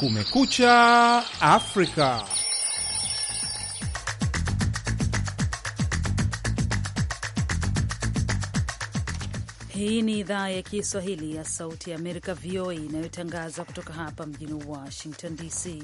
Kumekucha Afrika. Hii ni idhaa ya Kiswahili ya Sauti ya Amerika, VOA, inayotangaza kutoka hapa mjini Washington DC.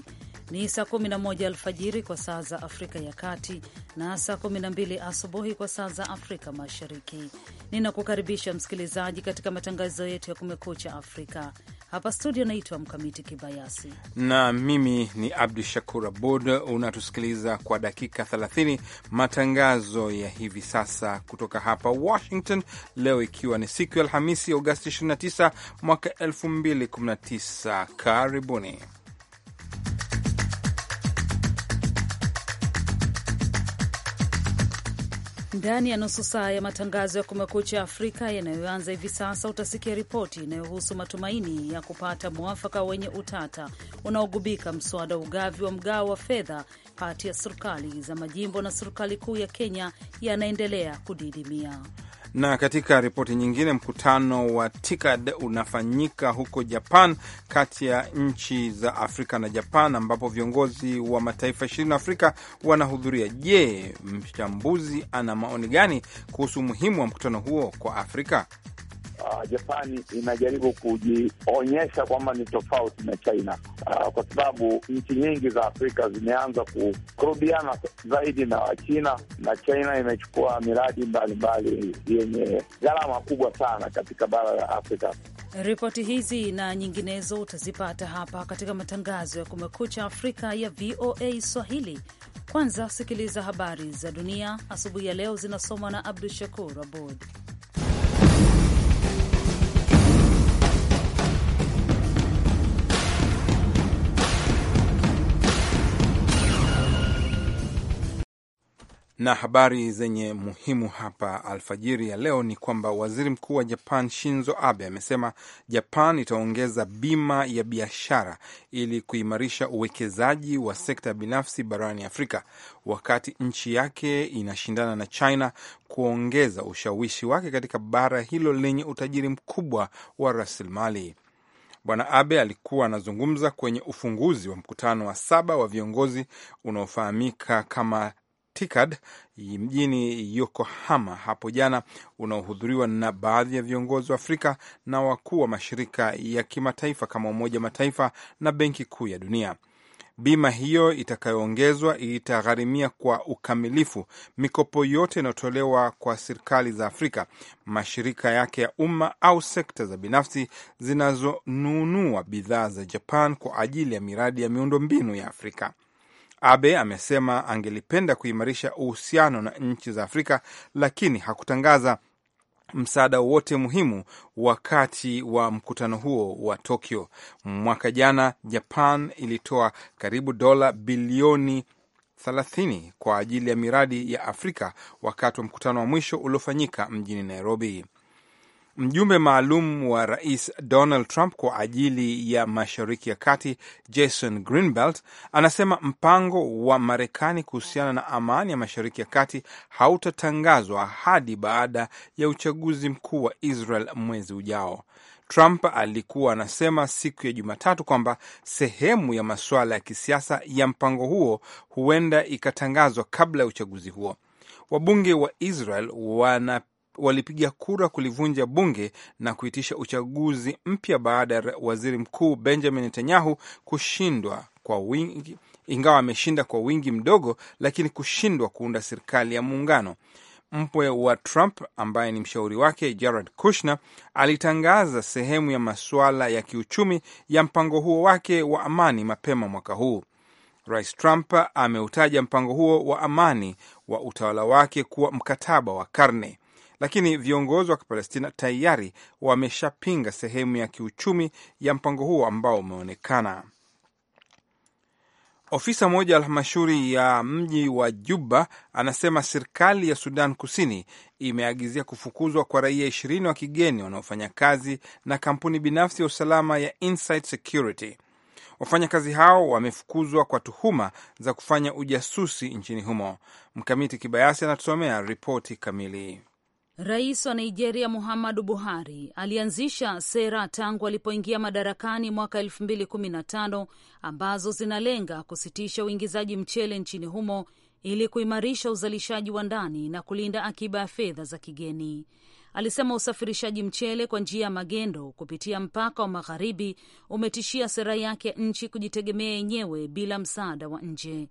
Ni saa 11 alfajiri kwa saa za Afrika ya Kati na saa 12 asubuhi kwa saa za Afrika Mashariki. Ninakukaribisha msikilizaji katika matangazo yetu ya Kumekucha Afrika. Hapa studio naitwa Mkamiti Kibayasi na mimi ni Abdu Shakur Abud. Unatusikiliza kwa dakika 30 matangazo ya hivi sasa kutoka hapa Washington, leo ikiwa ni siku ya Alhamisi, Agosti 29 mwaka 2019. Karibuni. Ndani ya nusu saa ya matangazo ya Kumekucha Afrika yanayoanza hivi sasa, utasikia ripoti inayohusu matumaini ya kupata mwafaka wenye utata unaogubika mswada ugavi wa mgao wa fedha kati ya serikali za majimbo na serikali kuu ya Kenya yanaendelea kudidimia. Na katika ripoti nyingine, mkutano wa TICAD unafanyika huko Japan, kati ya nchi za Afrika na Japan, ambapo viongozi wa mataifa ishirini Afrika wanahudhuria. Je, mchambuzi ana maoni gani kuhusu umuhimu wa mkutano huo kwa Afrika? uh, ah, Japani inajaribu kujionyesha kwamba ni tofauti na China uh, kwa sababu nchi nyingi za Afrika zimeanza kurudiana zaidi na Wachina na China imechukua miradi mbalimbali yenye gharama kubwa sana katika bara la Afrika. Ripoti hizi na nyinginezo utazipata hapa katika matangazo ya Kumekucha Afrika ya VOA Swahili. Kwanza sikiliza habari za dunia asubuhi ya leo, zinasomwa na Abdu Shakur Abud. Na habari zenye muhimu hapa alfajiri ya leo ni kwamba waziri mkuu wa Japan Shinzo Abe amesema Japan itaongeza bima ya biashara ili kuimarisha uwekezaji wa sekta binafsi barani Afrika, wakati nchi yake inashindana na China kuongeza ushawishi wake katika bara hilo lenye utajiri mkubwa wa rasilimali. Bwana Abe alikuwa anazungumza kwenye ufunguzi wa mkutano wa saba wa viongozi unaofahamika kama Tikad mjini Yokohama hapo jana, unaohudhuriwa na baadhi ya viongozi wa Afrika na wakuu wa mashirika ya kimataifa kama Umoja wa Mataifa na Benki Kuu ya Dunia. Bima hiyo itakayoongezwa itagharimia kwa ukamilifu mikopo yote inayotolewa kwa serikali za Afrika, mashirika yake ya umma au sekta za binafsi zinazonunua bidhaa za Japan kwa ajili ya miradi ya miundombinu ya Afrika. Abe amesema angelipenda kuimarisha uhusiano na nchi za Afrika, lakini hakutangaza msaada wote muhimu wakati wa mkutano huo wa Tokyo. Mwaka jana Japan ilitoa karibu dola bilioni 30 kwa ajili ya miradi ya Afrika wakati wa mkutano wa mwisho uliofanyika mjini Nairobi. Mjumbe maalum wa rais Donald Trump kwa ajili ya mashariki ya kati, Jason Greenblatt, anasema mpango wa Marekani kuhusiana na amani ya mashariki ya kati hautatangazwa hadi baada ya uchaguzi mkuu wa Israel mwezi ujao. Trump alikuwa anasema siku ya Jumatatu kwamba sehemu ya masuala ya kisiasa ya mpango huo huenda ikatangazwa kabla ya uchaguzi huo. Wabunge wa Israel wana walipiga kura kulivunja bunge na kuitisha uchaguzi mpya baada ya waziri mkuu Benjamin Netanyahu kushindwa kwa wingi, ingawa ameshinda kwa wingi mdogo, lakini kushindwa kuunda serikali ya muungano. Mpwe wa Trump ambaye ni mshauri wake Jared Kushner alitangaza sehemu ya masuala ya kiuchumi ya mpango huo wake wa amani mapema mwaka huu. Rais Trump ameutaja mpango huo wa amani wa utawala wake kuwa mkataba wa karne lakini viongozi wa Kipalestina tayari wameshapinga sehemu ya kiuchumi ya mpango huo ambao umeonekana. Ofisa mmoja halmashauri ya mji wa Juba anasema serikali ya Sudan Kusini imeagizia kufukuzwa kwa raia ishirini wa kigeni wanaofanya kazi na kampuni binafsi ya usalama ya Insight Security. Wafanyakazi hao wamefukuzwa kwa tuhuma za kufanya ujasusi nchini humo. Mkamiti Kibayasi anatusomea ripoti kamili. Rais wa Nigeria Muhammadu Buhari alianzisha sera tangu alipoingia madarakani mwaka 2015 ambazo zinalenga kusitisha uingizaji mchele nchini humo ili kuimarisha uzalishaji wa ndani na kulinda akiba ya fedha za kigeni. Alisema usafirishaji mchele kwa njia ya magendo kupitia mpaka wa magharibi umetishia sera yake ya nchi kujitegemea yenyewe bila msaada wa nje.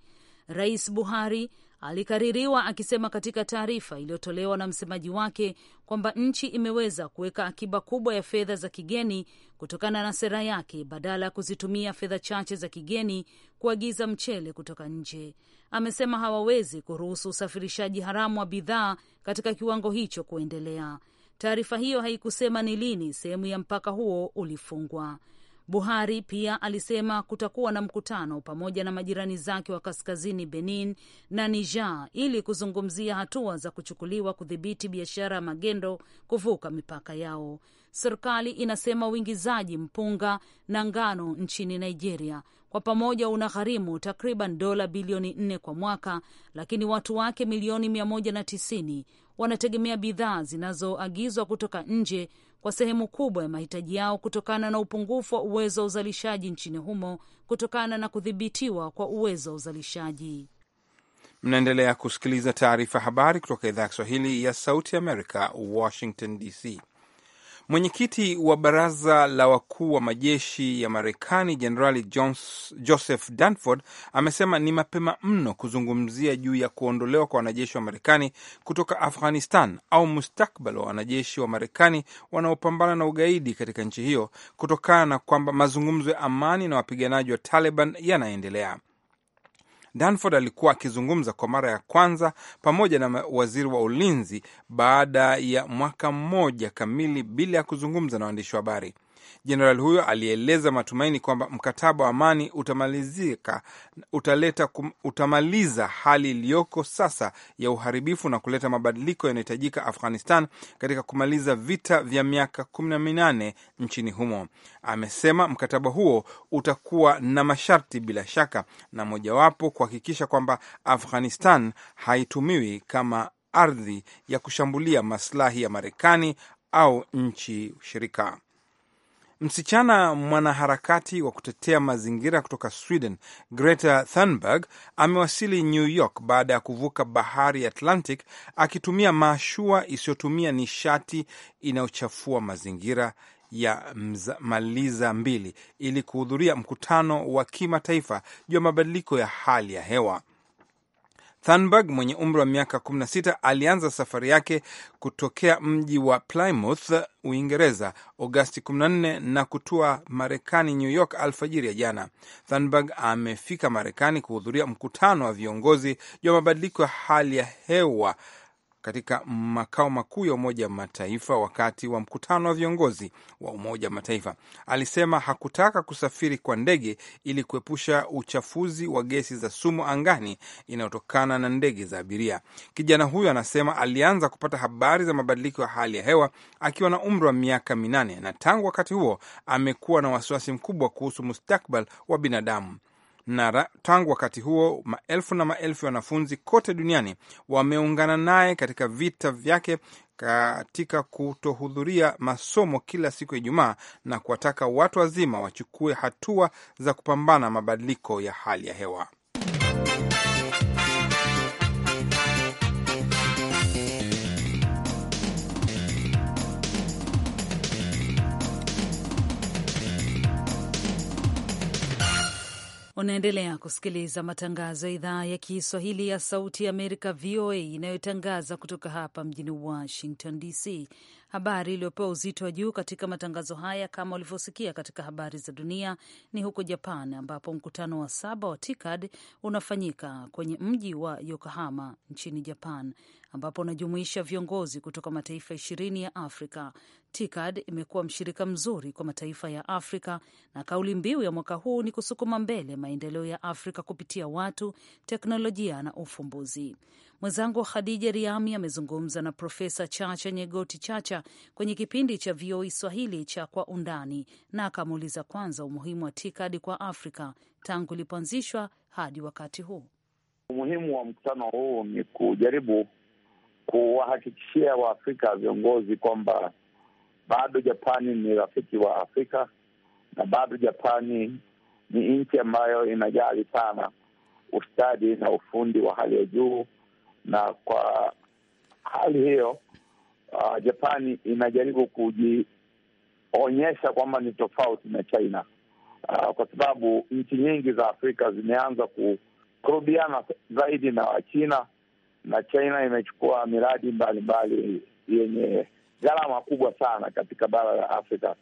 Rais Buhari alikaririwa akisema katika taarifa iliyotolewa na msemaji wake kwamba nchi imeweza kuweka akiba kubwa ya fedha za kigeni kutokana na sera yake badala ya kuzitumia fedha chache za kigeni kuagiza mchele kutoka nje. Amesema hawawezi kuruhusu usafirishaji haramu wa bidhaa katika kiwango hicho kuendelea. Taarifa hiyo haikusema ni lini sehemu ya mpaka huo ulifungwa. Buhari pia alisema kutakuwa na mkutano pamoja na majirani zake wa kaskazini Benin na Niger ili kuzungumzia hatua za kuchukuliwa kudhibiti biashara ya magendo kuvuka mipaka yao. Serikali inasema uingizaji mpunga na ngano nchini Nigeria kwa pamoja unagharimu takriban dola bilioni nne kwa mwaka, lakini watu wake milioni mia moja na tisini wanategemea bidhaa zinazoagizwa kutoka nje kwa sehemu kubwa ya mahitaji yao kutokana na upungufu wa uwezo wa uzalishaji nchini humo kutokana na kudhibitiwa kwa uwezo wa uzalishaji. Mnaendelea kusikiliza taarifa habari kutoka idhaa ya Kiswahili ya Sauti Amerika, Washington DC. Mwenyekiti wa baraza la wakuu wa majeshi ya Marekani Jenerali Joseph Dunford amesema ni mapema mno kuzungumzia juu ya kuondolewa kwa wanajeshi wa Marekani kutoka Afghanistan au mustakbal wa wanajeshi wa Marekani wanaopambana na ugaidi katika nchi hiyo kutokana na kwamba mazungumzo ya amani na wapiganaji wa Taliban yanaendelea. Danford alikuwa akizungumza kwa mara ya kwanza pamoja na waziri wa ulinzi baada ya mwaka mmoja kamili bila ya kuzungumza na waandishi wa habari. Jenerali huyo alieleza matumaini kwamba mkataba wa amani utamalizika, utaleta kum, utamaliza hali iliyoko sasa ya uharibifu na kuleta mabadiliko yanayohitajika Afghanistan katika kumaliza vita vya miaka kumi na minane nchini humo. Amesema mkataba huo utakuwa na masharti bila shaka, na mojawapo kuhakikisha kwamba Afghanistan haitumiwi kama ardhi ya kushambulia maslahi ya Marekani au nchi shirika. Msichana mwanaharakati wa kutetea mazingira kutoka Sweden, Greta Thunberg, amewasili New York baada ya kuvuka bahari Atlantic akitumia mashua isiyotumia nishati inayochafua mazingira ya Maliza mbili ili kuhudhuria mkutano wa kimataifa juu ya mabadiliko ya hali ya hewa. Thunberg mwenye umri wa miaka 16 alianza safari yake kutokea mji wa Plymouth, Uingereza Agosti 14 na kutua Marekani, New York alfajiri ya jana. Thunberg amefika Marekani kuhudhuria mkutano wa viongozi juu ya mabadiliko ya hali ya hewa katika makao makuu ya Umoja wa Mataifa wakati wa mkutano wa viongozi wa Umoja wa Mataifa. Alisema hakutaka kusafiri kwa ndege ili kuepusha uchafuzi wa gesi za sumu angani inayotokana na ndege za abiria. Kijana huyo anasema alianza kupata habari za mabadiliko ya hali ya hewa akiwa na umri wa miaka minane na tangu wakati huo amekuwa na wasiwasi mkubwa kuhusu mustakbal wa binadamu na tangu wakati huo maelfu na maelfu ya wanafunzi kote duniani wameungana naye katika vita vyake katika kutohudhuria masomo kila siku ya Ijumaa na kuwataka watu wazima wachukue hatua za kupambana mabadiliko ya hali ya hewa. Unaendelea kusikiliza matangazo ya idhaa ya Kiswahili ya Sauti ya Amerika, VOA, inayotangaza kutoka hapa mjini Washington DC. Habari iliyopewa uzito wa juu katika matangazo haya kama ulivyosikia katika habari za dunia ni huko Japan, ambapo mkutano wa saba wa TICAD unafanyika kwenye mji wa Yokohama nchini Japan, ambapo unajumuisha viongozi kutoka mataifa ishirini ya Afrika. TICAD imekuwa mshirika mzuri kwa mataifa ya Afrika na kauli mbiu ya mwaka huu ni kusukuma mbele maendeleo ya Afrika kupitia watu, teknolojia na ufumbuzi. Mwenzangu Khadija Riami amezungumza na Profesa Chacha Nyegoti Chacha kwenye kipindi cha VOA e Swahili cha Kwa Undani, na akamuuliza kwanza umuhimu wa tikadi kwa Afrika tangu ilipoanzishwa hadi wakati huu. Umuhimu wa mkutano huu ni kujaribu kuwahakikishia Waafrika viongozi kwamba bado Japani ni rafiki wa Afrika na bado Japani ni nchi ambayo inajali sana ustadi na ufundi wa hali ya juu na kwa hali hiyo uh, Japani inajaribu kujionyesha kwamba ni tofauti na China uh, kwa sababu nchi nyingi za Afrika zimeanza kurudiana zaidi na Wachina na China imechukua miradi mbalimbali yenye gharama kubwa sana katika bara la Afrika,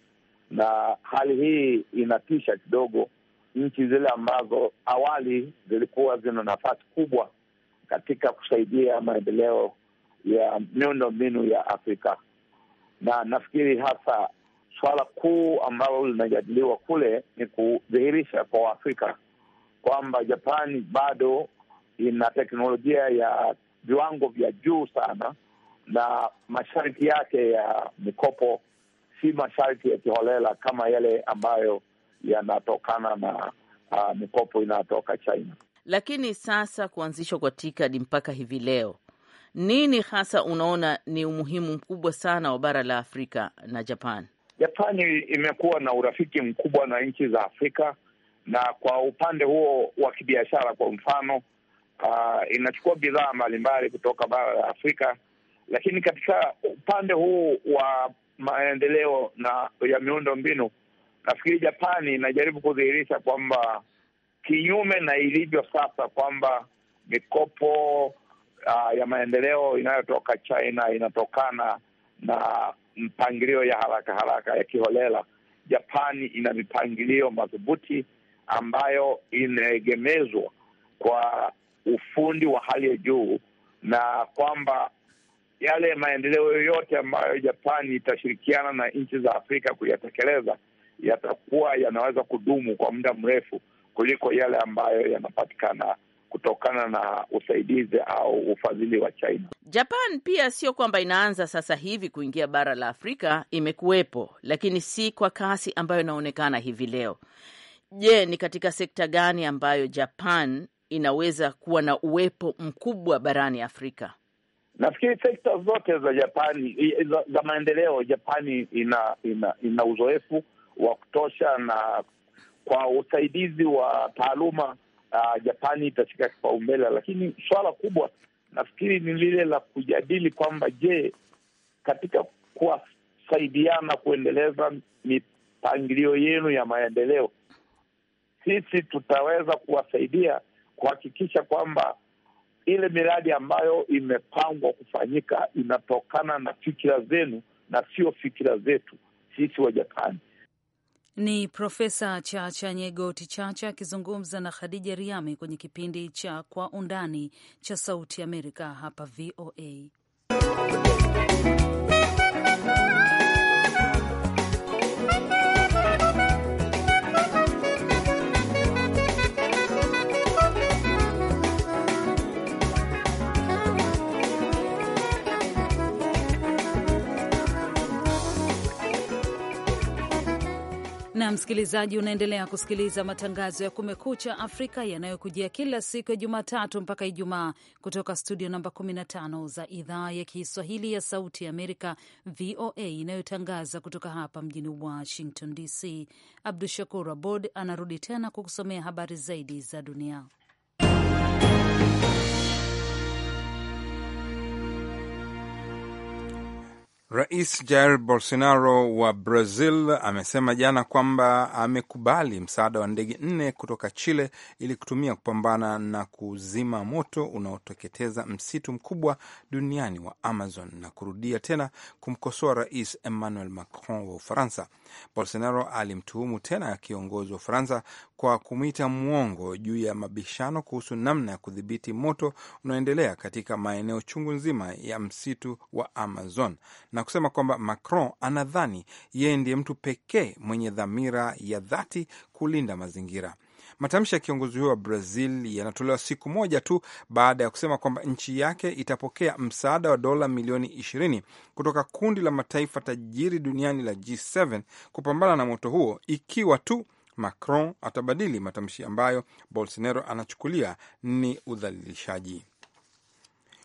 na hali hii inatisha kidogo nchi zile ambazo awali zilikuwa zina nafasi kubwa katika kusaidia maendeleo ya miundo mbinu ya Afrika, na nafikiri hasa swala kuu ambalo linajadiliwa kule ni kudhihirisha kwa Waafrika kwamba Japani bado ina teknolojia ya viwango vya juu sana, na masharti yake ya mikopo si masharti ya kiholela kama yale ambayo yanatokana na uh, mikopo inayotoka China. Lakini sasa kuanzishwa kwa tikadi mpaka hivi leo, nini hasa unaona ni umuhimu mkubwa sana wa bara la Afrika na Japan? Japani imekuwa na urafiki mkubwa na nchi za Afrika, na kwa upande huo wa kibiashara, kwa mfano uh, inachukua bidhaa mbalimbali kutoka bara la Afrika, lakini katika upande huu wa maendeleo na ya miundo mbinu, nafikiri Japani inajaribu kudhihirisha kwamba kinyume na ilivyo sasa kwamba mikopo uh, ya maendeleo inayotoka China inatokana na mpangilio ya haraka haraka ya kiholela. Japani ina mipangilio madhubuti ambayo inaegemezwa kwa ufundi wa hali ya juu, na kwamba yale maendeleo yoyote ambayo Japani itashirikiana na nchi za Afrika kuyatekeleza yatakuwa yanaweza kudumu kwa muda mrefu kuliko yale ambayo yanapatikana kutokana na usaidizi au ufadhili wa China. Japan pia sio kwamba inaanza sasa hivi kuingia bara la Afrika, imekuwepo lakini si kwa kasi ambayo inaonekana hivi leo. Je, ni katika sekta gani ambayo Japan inaweza kuwa na uwepo mkubwa barani Afrika? Nafikiri sekta zote za Japani za, za maendeleo Japani ina ina, ina uzoefu wa kutosha na kwa usaidizi wa taaluma uh, Japani itashika kipaumbele, lakini swala kubwa nafikiri ni lile la kujadili kwamba je, katika kuwasaidiana kuendeleza mipangilio yenu ya maendeleo, sisi tutaweza kuwasaidia kuhakikisha kwamba ile miradi ambayo imepangwa kufanyika inatokana na fikira zenu na sio fikira zetu sisi wa Japani. Ni Profesa Chacha Nyegoti Chacha akizungumza na Khadija Riami kwenye kipindi cha Kwa Undani cha Sauti Amerika hapa VOA. Msikilizaji, unaendelea kusikiliza matangazo ya Kumekucha Afrika yanayokujia kila siku ya Jumatatu mpaka Ijumaa kutoka studio namba 15 za idhaa ya Kiswahili ya Sauti ya Amerika, VOA, inayotangaza kutoka hapa mjini Washington DC. Abdu Shakur Abod anarudi tena kukusomea habari zaidi za dunia. Rais Jair Bolsonaro wa Brazil amesema jana kwamba amekubali msaada wa ndege nne kutoka Chile ili kutumia kupambana na kuzima moto unaoteketeza msitu mkubwa duniani wa Amazon na kurudia tena kumkosoa Rais Emmanuel Macron wa Ufaransa. Bolsonaro alimtuhumu tena kiongozi wa Ufaransa kwa kumwita mwongo juu ya mabishano kuhusu namna ya kudhibiti moto unaoendelea katika maeneo chungu nzima ya msitu wa Amazon na na kusema kwamba Macron anadhani yeye ndiye mtu pekee mwenye dhamira ya dhati kulinda mazingira. Matamshi ya kiongozi huyo wa Brazil yanatolewa siku moja tu baada ya kusema kwamba nchi yake itapokea msaada wa dola milioni 20 kutoka kundi la mataifa tajiri duniani la G7 kupambana na moto huo, ikiwa tu Macron atabadili matamshi ambayo Bolsonaro anachukulia ni udhalilishaji.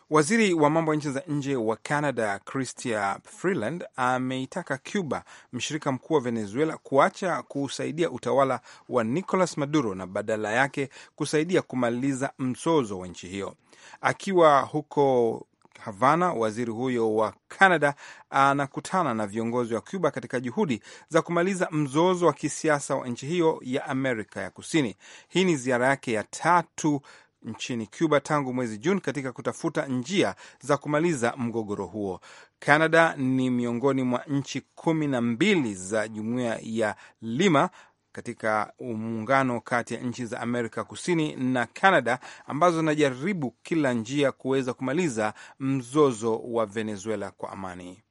Waziri wa mambo ya nchi za nje wa Canada Chrystia Freeland ameitaka Cuba, mshirika mkuu wa Venezuela, kuacha kusaidia utawala wa Nicolas Maduro na badala yake kusaidia kumaliza mzozo wa nchi hiyo. Akiwa huko Havana, waziri huyo wa Canada anakutana na viongozi wa Cuba katika juhudi za kumaliza mzozo wa kisiasa wa nchi hiyo ya Amerika ya Kusini. Hii ni ziara yake ya tatu nchini Cuba tangu mwezi Juni katika kutafuta njia za kumaliza mgogoro huo. Canada ni miongoni mwa nchi kumi na mbili za jumuiya ya Lima katika muungano kati ya nchi za Amerika Kusini na Canada ambazo zinajaribu kila njia kuweza kumaliza mzozo wa Venezuela kwa amani.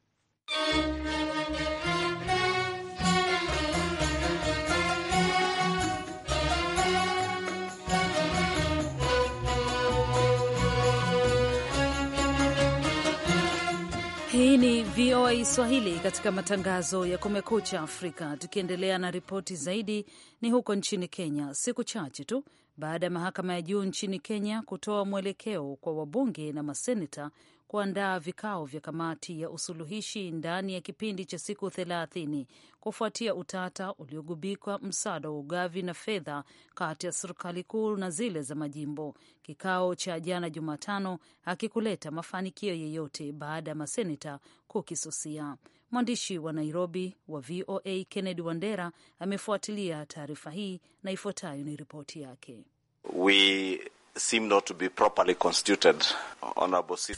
Hii ni VOA Swahili katika matangazo ya Kumekucha Afrika. Tukiendelea na ripoti zaidi, ni huko nchini Kenya, siku chache tu baada ya mahakama ya juu nchini Kenya kutoa mwelekeo kwa wabunge na maseneta kuandaa vikao vya kamati ya usuluhishi ndani ya kipindi cha siku thelathini kufuatia utata uliogubikwa msaada wa ugavi na fedha kati ya serikali kuu na zile za majimbo. Kikao cha jana Jumatano hakikuleta mafanikio yeyote baada ya maseneta kukisusia. Mwandishi wa Nairobi wa VOA Kennedy Wandera amefuatilia taarifa hii na ifuatayo ni ripoti yake. We seem not to be properly constituted.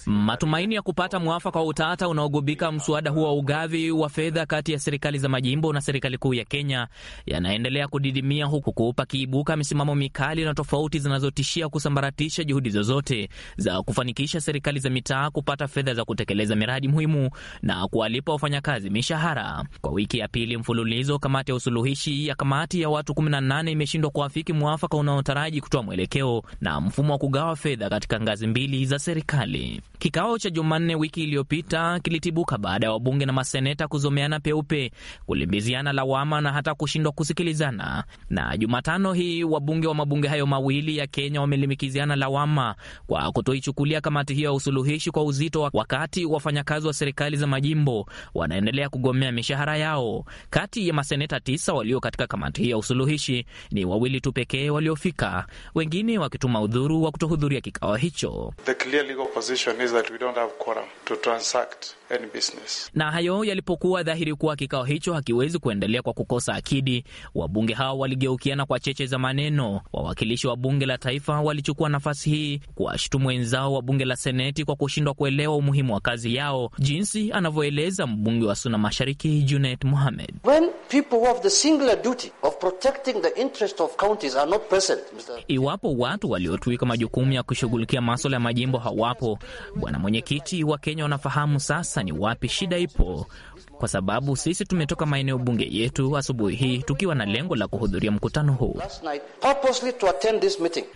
Matumaini ya kupata mwafaka wa utata unaogubika mswada huo wa ugavi wa fedha kati ya serikali za majimbo na serikali kuu ya Kenya yanaendelea kudidimia huku kuupa kiibuka misimamo mikali na tofauti zinazotishia kusambaratisha juhudi zozote za kufanikisha serikali za mitaa kupata fedha za kutekeleza miradi muhimu na kuwalipa wafanyakazi mishahara. Kwa wiki ya pili mfululizo, kamati ya usuluhishi ya kamati ya watu 18 imeshindwa kuafiki mwafaka unaotaraji kutoa mwelekeo na mfumo wa kugawa fedha katika ngazi mbili za serikali. Kikao cha Jumanne wiki iliyopita kilitibuka baada ya wabunge na maseneta kuzomeana peupe, kulimbiziana lawama na hata kushindwa kusikilizana. Na Jumatano hii wabunge wa mabunge hayo mawili ya Kenya wamelimbikiziana lawama kwa kutoichukulia kamati hiyo ya usuluhishi kwa uzito, wakati wafanyakazi wa serikali za majimbo wanaendelea kugomea mishahara yao. Kati ya maseneta tisa walio katika kamati hiyo ya usuluhishi ni wawili tu pekee waliofika, wengine wakituma udhuru wa kutohudhuria kikao hicho. The clear legal position is that we don't have quorum to transact business. Na hayo yalipokuwa dhahiri kuwa kikao hicho hakiwezi kuendelea kwa kukosa akidi, wabunge hao waligeukiana kwa cheche za maneno. Wawakilishi wa bunge la taifa walichukua nafasi hii kuwashutumu wenzao wa bunge la seneti kwa kushindwa kuelewa umuhimu wa kazi yao, jinsi anavyoeleza mbunge wa Suna Mashariki Junet Mohamed. Iwapo watu waliotuika majukumu ya kushughulikia maswala ya majimbo hawapo, bwana mwenyekiti, wa Kenya wanafahamu sasa sasa ni wapi shida ipo, kwa sababu sisi tumetoka maeneo bunge yetu asubuhi hii tukiwa na lengo la kuhudhuria mkutano huu.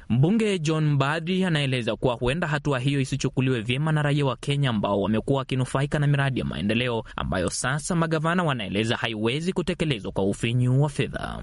Mbunge John Mbadi anaeleza kuwa huenda hatua hiyo isichukuliwe vyema na raia wa Kenya ambao wamekuwa wakinufaika na miradi ya maendeleo ambayo sasa magavana wanaeleza haiwezi kutekelezwa kwa ufinyu wa fedha.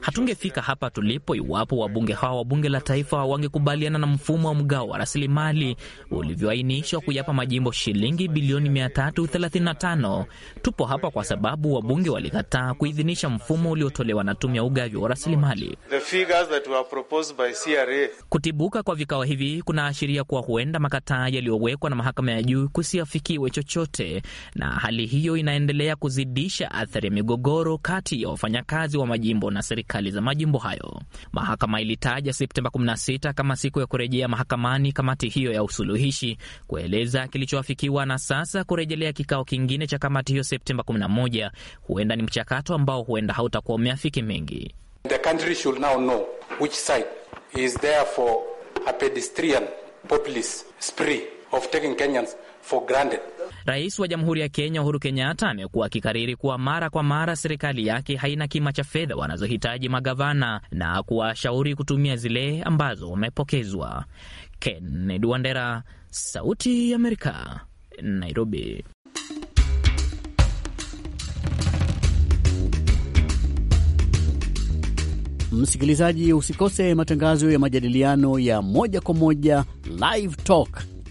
Hatungefika hapa tulipo iwapo wabunge hawa wa bunge la taifa wangekubaliana na mfumo wa mgao wa rasilimali ulivyoainishwa kuyapa majimbo shilingi bilioni 335. Tupo hapa kwa sababu wabunge walikataa kuidhinisha mfumo uliotolewa na tume ya ugavi wa rasilimali. Kutibuka kwa vikao hivi kunaashiria kuwa huenda makataa yaliyowekwa na mahakama ya juu kusiafikiwe chochote, na hali hiyo inaendelea kuzidisha athari ya migogoro kati ya wafanyakazi wa majimbo na serikali serikali za majimbo hayo. Mahakama ilitaja Septemba 16 kama siku ya kurejea mahakamani kamati hiyo ya usuluhishi kueleza kilichoafikiwa, na sasa kurejelea kikao kingine cha kamati hiyo Septemba 11 huenda ni mchakato ambao huenda hautakuwa umeafiki mengi. The country should now know which side is there for a pedestrian populist spree of taking Kenyans for granted. Rais wa Jamhuri ya Kenya Uhuru Kenyatta amekuwa akikariri kuwa mara kwa mara serikali yake haina kima cha fedha wanazohitaji magavana na kuwashauri kutumia zile ambazo wamepokezwa. Kennedy Wandera, Sauti ya Amerika, Nairobi. Msikilizaji, usikose matangazo ya majadiliano ya moja kwa moja Live Talk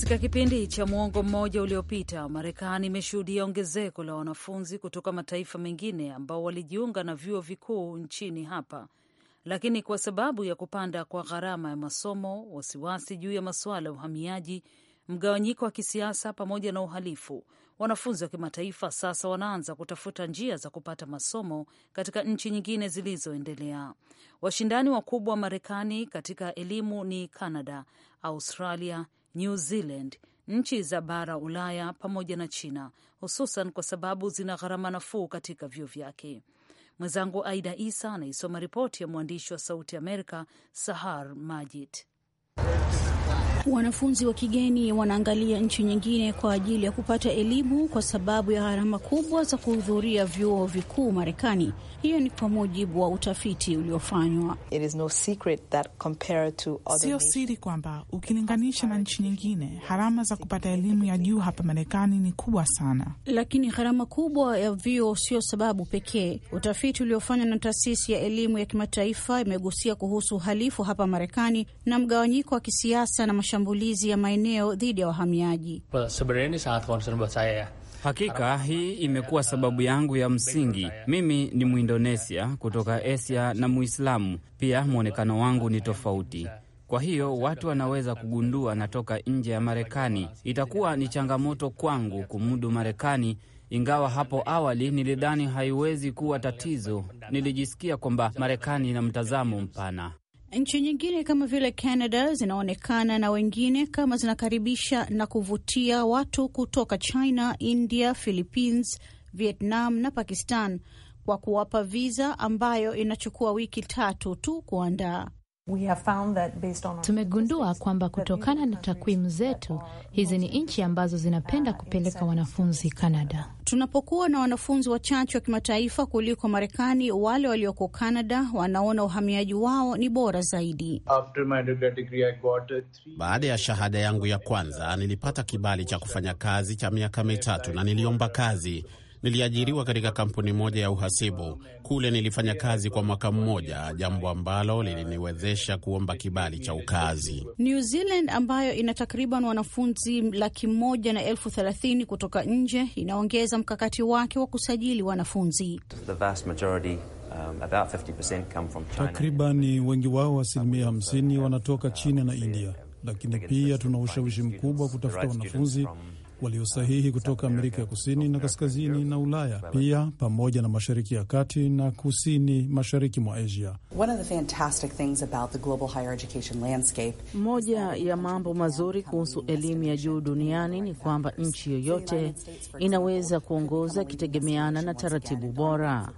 Katika kipindi cha mwongo mmoja uliopita, Marekani imeshuhudia ongezeko la wanafunzi kutoka mataifa mengine ambao walijiunga na vyuo vikuu nchini hapa, lakini kwa sababu ya kupanda kwa gharama ya masomo, wasiwasi juu ya masuala ya uhamiaji, mgawanyiko wa kisiasa, pamoja na uhalifu, wanafunzi wa kimataifa sasa wanaanza kutafuta njia za kupata masomo katika nchi nyingine zilizoendelea. Washindani wakubwa wa Marekani katika elimu ni canada Australia, New Zealand, nchi za bara Ulaya pamoja na China, hususan kwa sababu zina gharama nafuu katika vyuo vyake. Mwenzangu Aida Isa anaisoma ripoti ya mwandishi wa Sauti Amerika Sahar Majid. Wanafunzi wa kigeni wanaangalia nchi nyingine kwa ajili ya kupata elimu kwa sababu ya gharama kubwa za kuhudhuria vyuo vikuu Marekani. Hiyo ni kwa mujibu wa utafiti uliofanywa. No, sio siri kwamba ukilinganisha na nchi nyingine, gharama za kupata elimu ya juu hapa Marekani ni kubwa sana. Lakini gharama kubwa ya vyuo sio sababu pekee. Utafiti uliofanywa na taasisi ya elimu ya kimataifa imegusia kuhusu uhalifu hapa Marekani na mgawanyiko wa kisiasa na mashambulizi ya maeneo dhidi ya wahamiaji. Uh, Hakika hii imekuwa sababu yangu ya msingi. Mimi ni muindonesia kutoka Asia na Muislamu pia, mwonekano wangu ni tofauti. Kwa hiyo watu wanaweza kugundua natoka nje ya Marekani. Itakuwa ni changamoto kwangu kumudu Marekani, ingawa hapo awali nilidhani haiwezi kuwa tatizo. Nilijisikia kwamba Marekani ina mtazamo mpana. Nchi nyingine kama vile Canada zinaonekana na wengine kama zinakaribisha na kuvutia watu kutoka China, India, Philippines, Vietnam na Pakistan kwa kuwapa viza ambayo inachukua wiki tatu tu kuandaa. Tumegundua kwamba kutokana na takwimu zetu, hizi ni nchi ambazo zinapenda kupeleka wanafunzi Kanada. Tunapokuwa na wanafunzi wachache wa kimataifa kuliko Marekani, wale walioko Kanada wanaona uhamiaji wao ni bora zaidi. Baada ya shahada yangu ya kwanza, nilipata kibali cha kufanya kazi cha miaka mitatu na niliomba kazi Niliajiriwa katika kampuni moja ya uhasibu. Kule nilifanya kazi kwa mwaka mmoja, jambo ambalo liliniwezesha kuomba kibali cha ukazi. New Zealand ambayo ina takriban wanafunzi laki moja na elfu thelathini kutoka nje inaongeza mkakati wake wa kusajili wanafunzi. Um, takriban um, Takribani wengi wao asilimia 50 wanatoka China na India, lakini pia tuna ushawishi mkubwa kutafuta wanafunzi from waliosahihi kutoka Amerika ya Kusini na Kaskazini na Ulaya pia pamoja na Mashariki ya Kati na Kusini Mashariki mwa Asia. Moja ya mambo mazuri kuhusu elimu ya juu duniani ni kwamba nchi yoyote inaweza kuongoza ikitegemeana na taratibu bora.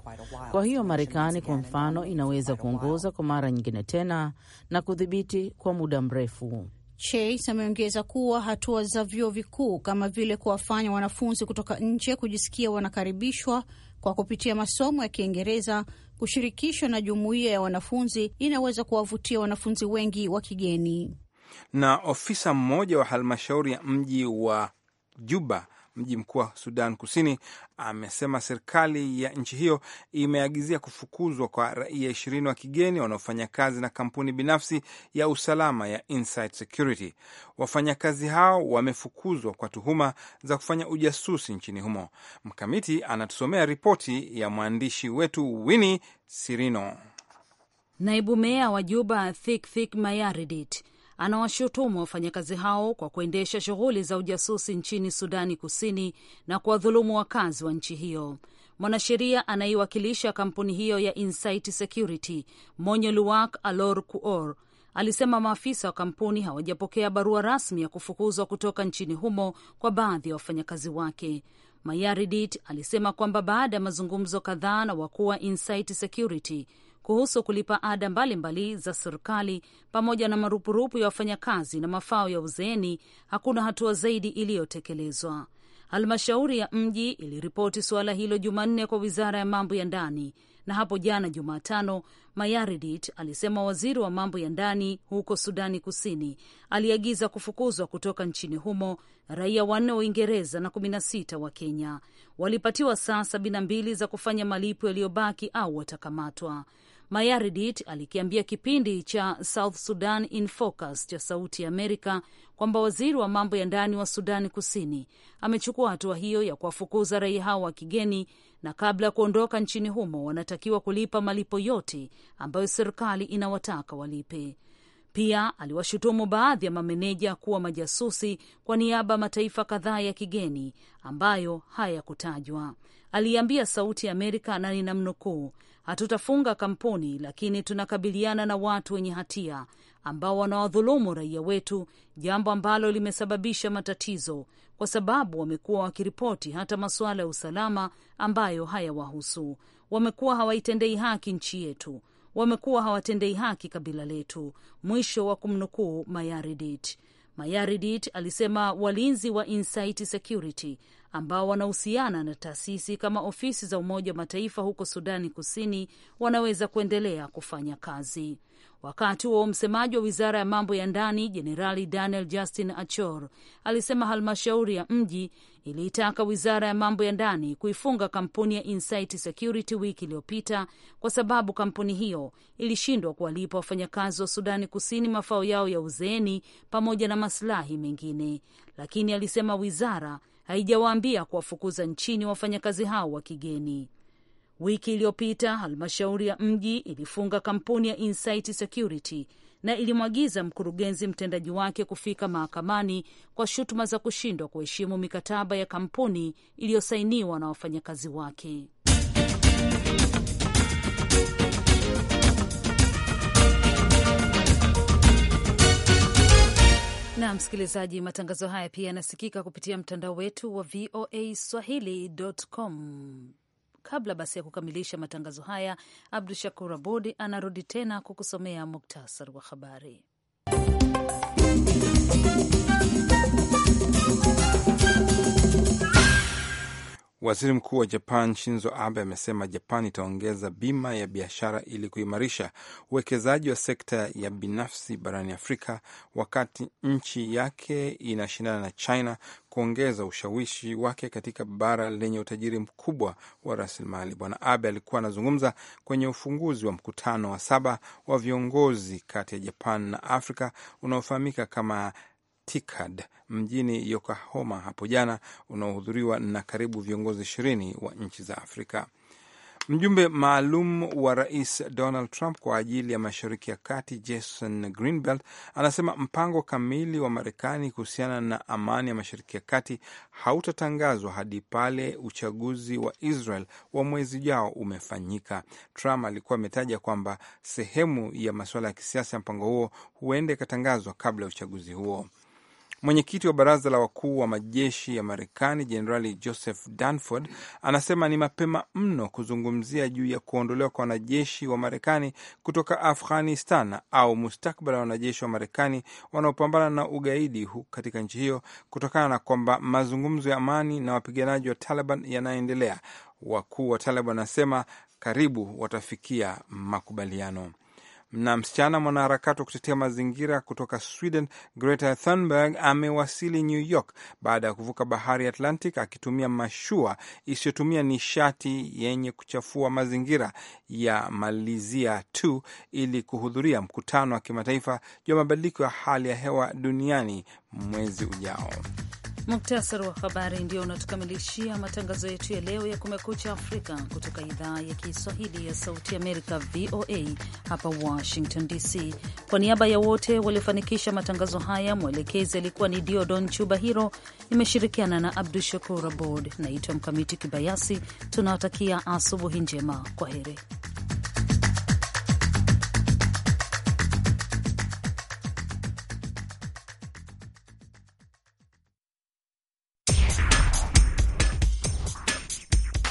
Kwa hiyo, Marekani kwa mfano inaweza kuongoza kwa mara nyingine tena na kudhibiti kwa muda mrefu. Chase ameongeza kuwa hatua za vyuo vikuu kama vile kuwafanya wanafunzi kutoka nje kujisikia wanakaribishwa kwa kupitia masomo ya Kiingereza kushirikishwa na jumuiya ya wanafunzi inaweza kuwavutia wanafunzi wengi wa kigeni. Na ofisa mmoja wa halmashauri ya mji wa Juba mji mkuu wa Sudan Kusini, amesema serikali ya nchi hiyo imeagizia kufukuzwa kwa raia ishirini wa kigeni wanaofanya kazi na kampuni binafsi ya usalama ya Inside Security. Wafanyakazi hao wamefukuzwa kwa tuhuma za kufanya ujasusi nchini humo. Mkamiti anatusomea ripoti ya mwandishi wetu Winnie Sirino. Naibu meya wa Juba Thikthik Mayaridit anawashutumu wafanyakazi hao kwa kuendesha shughuli za ujasusi nchini Sudani Kusini na kuwadhulumu wakazi wa nchi hiyo. Mwanasheria anayewakilisha kampuni hiyo ya Insight Security, Monyo Luwak Alor Kuor, alisema maafisa wa kampuni hawajapokea barua rasmi ya kufukuzwa kutoka nchini humo kwa baadhi ya wafanyakazi wake. Mayaridit alisema kwamba baada ya mazungumzo kadhaa na wakuu wa Insight Security kuhusu kulipa ada mbalimbali za serikali pamoja na marupurupu ya wafanyakazi na mafao ya uzeeni, hakuna hatua zaidi iliyotekelezwa. Halmashauri ya mji iliripoti suala hilo Jumanne kwa wizara ya mambo ya ndani, na hapo jana Jumatano, Mayardit alisema waziri wa mambo ya ndani huko Sudani Kusini aliagiza kufukuzwa kutoka nchini humo raia wanne wa Uingereza na kumi na sita wa Kenya. Walipatiwa saa sabini na mbili za kufanya malipo yaliyobaki au watakamatwa. Mayardit alikiambia kipindi cha South Sudan in Focus cha Sauti ya Amerika kwamba waziri wa mambo ya ndani wa Sudani Kusini amechukua hatua hiyo ya kuwafukuza raia hao wa kigeni, na kabla ya kuondoka nchini humo wanatakiwa kulipa malipo yote ambayo serikali inawataka walipe. Pia aliwashutumu baadhi ya mameneja kuwa majasusi kwa niaba ya mataifa kadhaa ya kigeni ambayo hayakutajwa. Aliambia Sauti ya Amerika na ninamnukuu, Hatutafunga kampuni, lakini tunakabiliana na watu wenye hatia ambao wanawadhulumu raia wetu, jambo ambalo limesababisha matatizo kwa sababu wamekuwa wakiripoti hata masuala ya usalama ambayo hayawahusu. Wamekuwa hawaitendei haki nchi yetu, wamekuwa hawatendei haki kabila letu. Mwisho wa kumnukuu Mayaridit. Mayaridit alisema walinzi wa Insight Security ambao wanahusiana na taasisi kama ofisi za Umoja wa Mataifa huko Sudani Kusini wanaweza kuendelea kufanya kazi. Wakati huo msemaji wa wizara ya mambo ya ndani Jenerali Daniel Justin Achor alisema halmashauri ya mji iliitaka wizara ya mambo ya ndani kuifunga kampuni ya Insight Security wiki iliyopita kwa sababu kampuni hiyo ilishindwa kuwalipa wafanyakazi wa Sudani Kusini mafao yao ya uzeeni pamoja na masilahi mengine, lakini alisema wizara haijawaambia kuwafukuza nchini wafanyakazi hao wa kigeni. Wiki iliyopita halmashauri ya mji ilifunga kampuni ya Insight Security na ilimwagiza mkurugenzi mtendaji wake kufika mahakamani kwa shutuma za kushindwa kuheshimu mikataba ya kampuni iliyosainiwa na wafanyakazi wake. na msikilizaji, matangazo haya pia yanasikika kupitia mtandao wetu wa VOA Swahili.com. Kabla basi ya kukamilisha matangazo haya, Abdu Shakur Abud anarudi tena kukusomea muktasar wa habari. Waziri Mkuu wa Japan Shinzo Abe amesema Japan itaongeza bima ya biashara ili kuimarisha uwekezaji wa sekta ya binafsi barani Afrika, wakati nchi yake inashindana na China kuongeza ushawishi wake katika bara lenye utajiri mkubwa wa rasilimali. Bwana Abe alikuwa anazungumza kwenye ufunguzi wa mkutano wa saba wa viongozi kati ya Japan na Afrika unaofahamika kama Tikad mjini Yokohama hapo jana unaohudhuriwa na karibu viongozi ishirini wa nchi za Afrika. Mjumbe maalum wa rais Donald Trump kwa ajili ya mashariki ya kati Jason Greenblatt anasema mpango kamili wa Marekani kuhusiana na amani ya mashariki ya kati hautatangazwa hadi pale uchaguzi wa Israel wa mwezi ujao umefanyika. Trump alikuwa ametaja kwamba sehemu ya masuala ya kisiasa ya mpango huo huenda ikatangazwa kabla ya uchaguzi huo. Mwenyekiti wa baraza la wakuu wa majeshi ya Marekani Jenerali Joseph Dunford anasema ni mapema mno kuzungumzia juu ya kuondolewa kwa wanajeshi wa Marekani kutoka Afghanistan au mustakbal wa wanajeshi wa Marekani wanaopambana na ugaidi katika nchi hiyo kutokana na kwamba mazungumzo ya amani na wapiganaji wa Taliban yanaendelea. Wakuu wa Taliban anasema karibu watafikia makubaliano na msichana mwanaharakati wa kutetea mazingira kutoka Sweden Greta Thunberg amewasili New York baada ya kuvuka bahari Atlantic akitumia mashua isiyotumia nishati yenye kuchafua mazingira ya Malizia tu ili kuhudhuria mkutano wa kimataifa juu ya mabadiliko ya hali ya hewa duniani mwezi ujao. Muktasari wa habari ndio unatukamilishia matangazo yetu ya leo ya Kumekucha Afrika kutoka idhaa ya Kiswahili ya Sauti Amerika, VOA hapa Washington DC. Kwa niaba ya wote waliofanikisha matangazo haya, mwelekezi alikuwa ni Diodon Chuba Hiro, nimeshirikiana na Abdu Shakur Abord. Naitwa Mkamiti Kibayasi, tunawatakia asubuhi njema. Kwa heri.